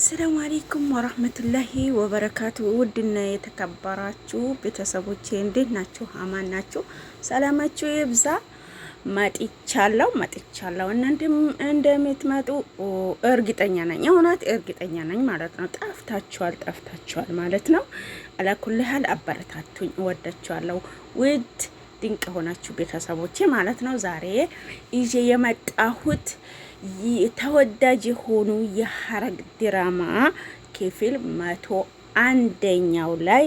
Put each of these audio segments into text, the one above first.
አሰላሙ አሌይኩም ወራህመቱላሂ ወበረካቱ። ውድና የተከበራችሁ ቤተሰቦቼ እንዴት ናችሁ? አማን ናችሁ? ሰላማችሁ ይብዛ። መጥቻለሁ መጥቻለሁ እንደምትመጡ እርግጠኛ ነኝ፣ እውነት እርግጠኛ ነኝ ማለት ነው። ጠፍታችኋል ጠፍታችኋል ማለት ነው። አላኩልሃል አበረታቱኝ፣ እወዳችኋለሁ ውድ ድንቅ የሆናችሁ ቤተሰቦቼ ማለት ነው። ዛሬ ይዤ የመጣሁት ተወዳጅ የሆኑ የሀረግ ድራማ ክፍል መቶ አንደኛው ላይ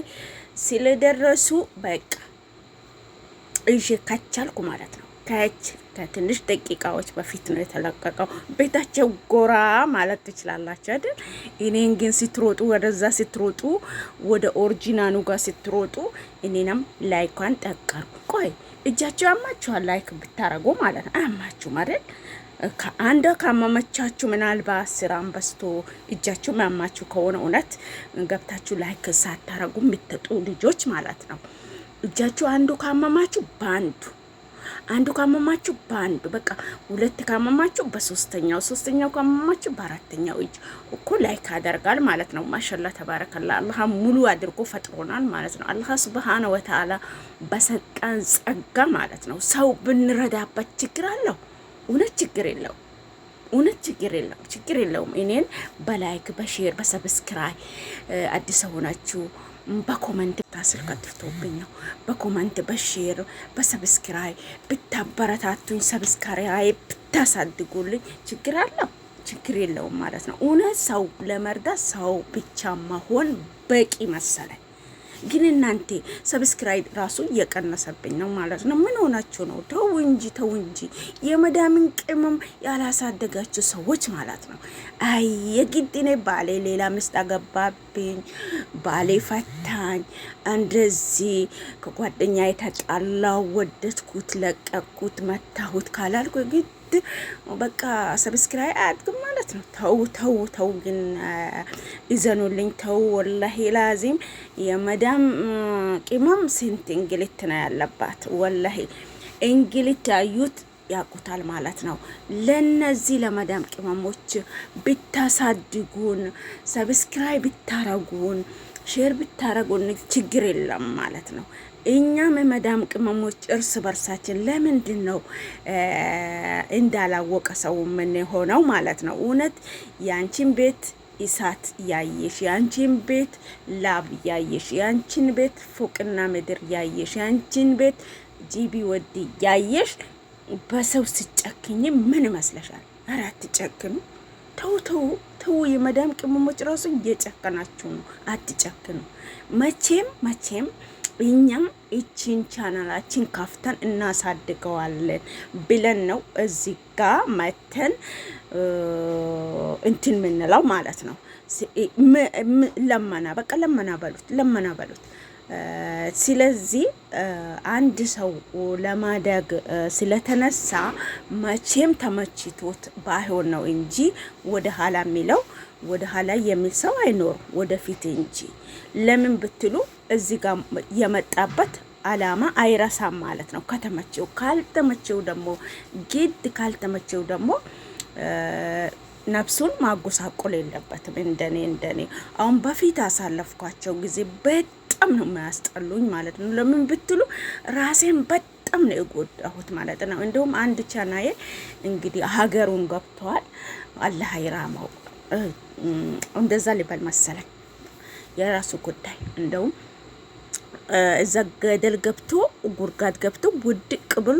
ስለደረሱ በቃ እዥ ከቻልኩ ማለት ነው። ከች ከትንሽ ደቂቃዎች በፊት ነው የተለቀቀው። ቤታቸው ጎራ ማለት ትችላላችሁ አይደል? እኔን ግን ስትሮጡ ወደዛ ስትሮጡ ወደ ኦሪጂናኑ ጋር ስትሮጡ እኔንም ላይኳን ጠቀርኩ። ቆይ እጃቸው አማችኋል ላይክ ብታረጉ ማለት ነው። አማችሁ ማለት አንዷ ካመመቻችሁ ምናልባት ስራን በስቶ እጃችሁ ማማችሁ ከሆነ እውነት ገብታችሁ ላይክ ሳታረጉ የምትጡ ልጆች ማለት ነው። እጃችሁ አንዱ ካመማችሁ በአንዱ አንዱ ካመማችሁ በአንዱ በቃ ሁለት ካመማችሁ በሶስተኛው ሶስተኛው ካመማችሁ በአራተኛው እጅ እኮ ላይክ ያደርጋል ማለት ነው። ማሻላ ተባረከላ። አላህ ሙሉ አድርጎ ፈጥሮናል ማለት ነው። አላህ ስብሓነ ወተዓላ በሰጠን ጸጋ ማለት ነው። ሰው ብንረዳበት ችግር አለው እውነት ችግር የለው እውነት ችግር የለው ችግር የለውም። እኔን በላይክ በሼር በሰብስክራይ አዲስ ሆናችሁ በኮመንት ታስል ከትርቶብኝ ነው። በኮመንት በሼር በሰብስክራይ ብታበረታቱኝ ሰብስክራይ ብታሳድጉልኝ ችግር አለው ችግር የለውም ማለት ነው። እውነት ሰው ለመርዳት ሰው ብቻ መሆን በቂ መሰለኝ። ግን እናንተ ሰብስክራይብ ራሱ እየቀነሰብኝ ነው ማለት ነው። ምን ሆናችሁ ነው? ተው እንጂ ተው እንጂ የመዳምን ቅመም ያላሳደጋችሁ ሰዎች ማለት ነው። አይ የግድ እኔ ባሌ ሌላ ምስጣ አገባብኝ፣ ባሌ ፈታኝ፣ እንደዚህ ከጓደኛ የተጣላው ወደድኩት፣ ለቀኩት፣ መታሁት ካላልኩ ግድ በቃ ሰብስክራይብ አያድግም። ማለት ነው። ተው ተው ተው ግን ይዘኑልኝ ተው። ወላሂ ላዚም የመዳም ቅመም ስንት እንግልት ነው ያለባት። ወላሂ እንግልት ያዩት ያቁታል ማለት ነው። ለነዚህ ለመዳም ቅመሞች ብታሳድጉን፣ ሰብስክራይብ ብታረጉን ሼር ብታረጉን ችግር የለም ማለት ነው። እኛም መዳም ቅመሞች እርስ በርሳችን ለምንድን ነው እንዳላወቀ ሰው ሆነው ማለት ነው? እውነት ያንቺን ቤት እሳት ያየሽ ያንቺን ቤት ላብ ያየሽ ያንቺን ቤት ፎቅና ምድር ያየሽ ያንቺን ቤት ጂቢ ወዲ ያየሽ በሰው ስጨክኝ ምን ይመስለሻል? አራት ጨክኑ ተው ተው ተው። የመዳም ቅመሞች ራሱ እየጨከናችሁ ነው። አትጨክኑ። መቼም መቼም እኛም እቺን ቻናላችን ካፍተን እናሳድገዋለን ብለን ነው እዚህ ጋ መተን እንትን የምንለው ማለት ነው። ለመና በቃ ለመና በሉት፣ ለመና በሉት። ስለዚህ አንድ ሰው ለማደግ ስለተነሳ መቼም ተመችቶት ባይሆን ነው እንጂ ወደ ኋላ የሚለው ወደ ኋላ የሚል ሰው አይኖርም፣ ወደፊት እንጂ። ለምን ብትሉ እዚህ ጋር የመጣበት አላማ አይረሳም ማለት ነው። ከተመቸው ካልተመቸው ደግሞ ግድ ካልተመቸው ደግሞ ነፍሱን ማጎሳቆል የለበትም። እንደኔ እንደኔ አሁን በፊት አሳለፍኳቸው ጊዜ በት በጣም ነው የማያስጠሉኝ ማለት ነው። ለምን ብትሉ ራሴን በጣም ነው የጎዳሁት ማለት ነው። እንደውም አንድ ቻናዬ እንግዲህ ሀገሩን ገብተዋል። አላህ ይራማው እንደዛ ሊባል መሰለኝ የራሱ ጉዳይ እንደውም እዛ ገደል ገብቶ ጉርጋት ገብቶ ውድቅ ብሎ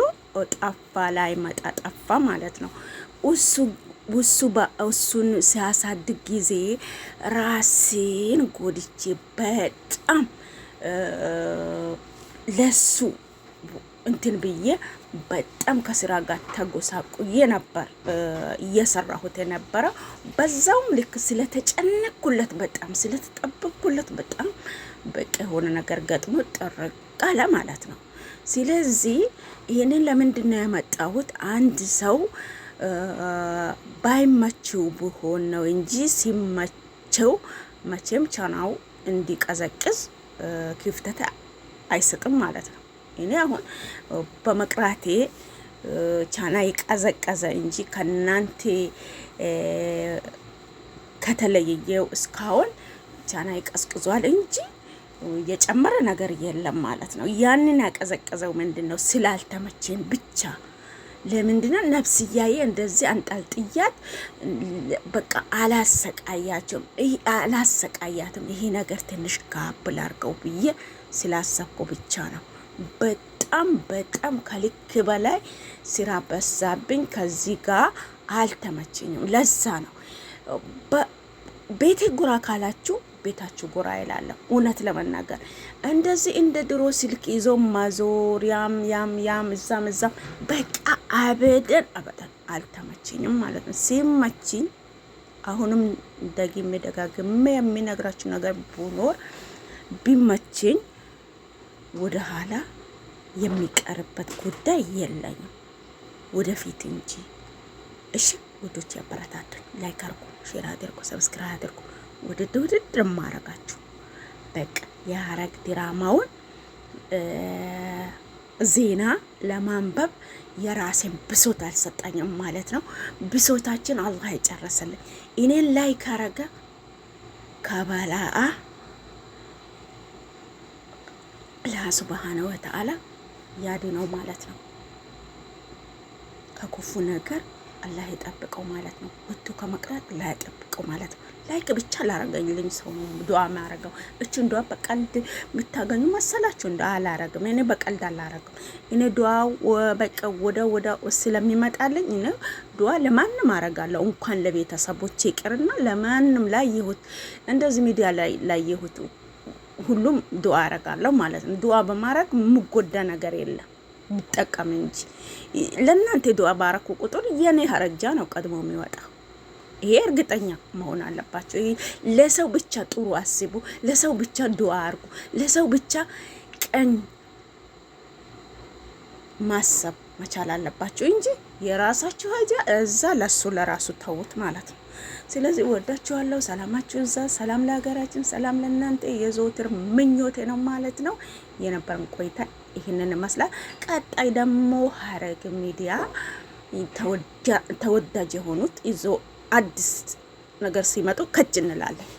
ጠፋ ላይ መጣ ጠፋ ማለት ነው። እሱ ውሱ እሱን ሲያሳድግ ጊዜ ራሴን ጎድቼ በጣም ለሱ እንትን ብዬ በጣም ከስራ ጋር ተጎሳቁዬ ነበር እየሰራሁት የነበረ። በዛውም ልክ ስለተጨነኩለት በጣም ስለተጠበብኩለት በጣም በቂ የሆነ ነገር ገጥሞ ጥርቅ ማለት ነው። ስለዚህ ይህንን ለምንድን ነው ያመጣሁት? አንድ ሰው ባይመችው ብሆን ነው እንጂ ሲመቸው መቼም ቻናው እንዲቀዘቅዝ ክፍተት አይሰጥም ማለት ነው። እኔ አሁን በመቅራቴ ቻና የቀዘቀዘ እንጂ ከእናንተ ከተለየየው እስካሁን ቻና ይቀዝቅዟል እንጂ የጨመረ ነገር የለም ማለት ነው። ያንን ያቀዘቀዘው ምንድን ነው? ስላልተመቼን ብቻ ለምንድነው ነፍስያዬ እንደዚህ አንጠልጥያት በቃ አላሰቃያቸውም አላሰቃያትም። ይሄ ነገር ትንሽ ጋብ ላርገው ብዬ ስላሰብኩ ብቻ ነው። በጣም በጣም ከልክ በላይ ስራ በዛብኝ። ከዚህ ጋር አልተመቸኝም። ለዛ ነው ቤቴ ጉራ ካላችሁ ቤታችሁ ጎራ ይላለሁ። እውነት ለመናገር እንደዚህ እንደ ድሮ ስልክ ይዞ ማዞር ያም ያም ያም እዛም እዛም በቃ አበደን አበደን አልተመቸኝም ማለት ነው። ሲመችኝ አሁንም ደግሜ ደጋግሜ የሚነግራችሁ ነገር ቢኖር ቢመችኝ ወደ ኋላ የሚቀርበት ጉዳይ የለኝም፣ ወደፊት እንጂ። እሺ ውዶች፣ ያበረታቱን። ላይክ አድርጉ፣ ሼር አድርጉ፣ ሰብስክራይብ አድርጉ። ውድድ ውድድ ማረጋችሁ በቃ የሀረግ ድራማውን ዜና ለማንበብ የራሴን ብሶት አልሰጠኝም ማለት ነው። ብሶታችን አላህ ይጨረሰልን። እኔን ላይ ካረገ ከበላአ ለሱብሃነ ወተዓላ ያድነው ማለት ነው ከክፉ ነገር አላህ ይጠብቀው ማለት ነው። ወጥቶ ከመቅረት አላህ ይጠብቀው ማለት ነው። ላይክ ብቻ ላረገኝልኝ ሰው ነው ዱዓ ማረገው። እቺ ዱዓ በቀልድ የምታገኙ መሰላችሁ? እንደ አላረግም እኔ በቀልድ አላረግም። እኔ ዱዓ በቃ ወደ ወደ ስለሚመጣልኝ እኔ ዱዓ ለማንም አረጋለሁ። እንኳን ለቤተሰቦቼ ይቅርና ለማንም ላይ ይሁት እንደዚህ ሚዲያ ላይ ላይ ይሁት ሁሉም ዱዓ አረጋለሁ ማለት ነው። ዱዓ በማረግ የምጎዳ ነገር የለም። ይጠቀም እንጂ ለእናንተ ዱአ ባረኩ ቁጥር የኔ ሀረጃ ነው ቀድሞ የሚወጣ። ይሄ እርግጠኛ መሆን አለባቸው። ለሰው ብቻ ጥሩ አስቡ፣ ለሰው ብቻ ዱአ አርጉ፣ ለሰው ብቻ ቀኝ ማሰብ መቻል አለባችሁ እንጂ የራሳችሁ ሀጃ እዛ ለሱ ለራሱ ተውት ማለት ነው። ስለዚህ ወዳችኋለሁ። ሰላማችሁ እዛ። ሰላም ለሀገራችን፣ ሰላም ለእናንተ የዘውትር ምኞቴ ነው ማለት ነው። የነበረን ቆይታ ይህንን ይመስላል። ቀጣይ ደግሞ ሀረግ ሚዲያ ተወዳጅ የሆኑት ይዞ አዲስ ነገር ሲመጡ ከጅ እንላለን።